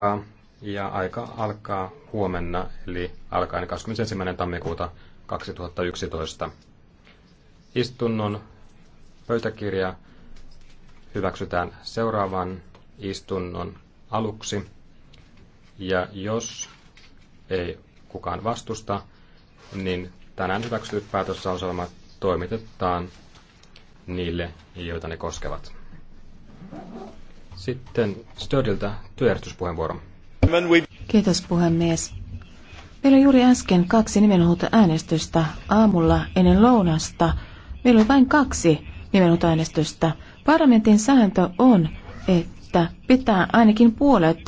aikaa ja aika alkaa huomenna, eli alkaen 21. tammikuuta 2011. Istunnon pöytäkirja hyväksytään seuraavan istunnon aluksi, ja jos ei kukaan vastusta, niin tänään hyväksytyt päätösauselmat toimitetaan niille, joita ne koskevat. Sitten Stödiltä työjärjestyspuheenvuoro. Kiitos puhemies. Meillä on juuri äsken kaksi äänestystä aamulla ennen lounasta. Meillä on vain kaksi äänestystä. Parlamentin sääntö on, että pitää ainakin puolet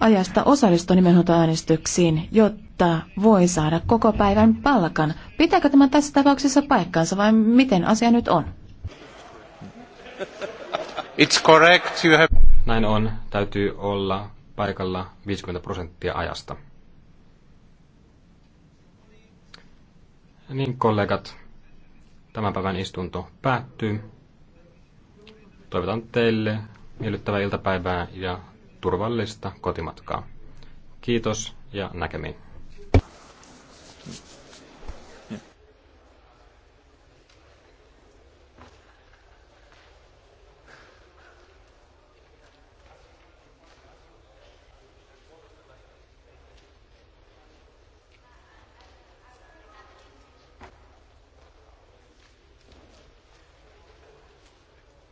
ajasta osallistua äänestyksiin, jotta voi saada koko päivän palkan. Pitääkö tämä tässä tapauksessa paikkaansa vai miten asia nyt on? It's correct, you have... Näin on. Täytyy olla paikalla 50 prosenttia ajasta. Niin kollegat, tämän päivän istunto päättyy. Toivotan teille miellyttävää iltapäivää ja turvallista kotimatkaa. Kiitos ja näkemiin.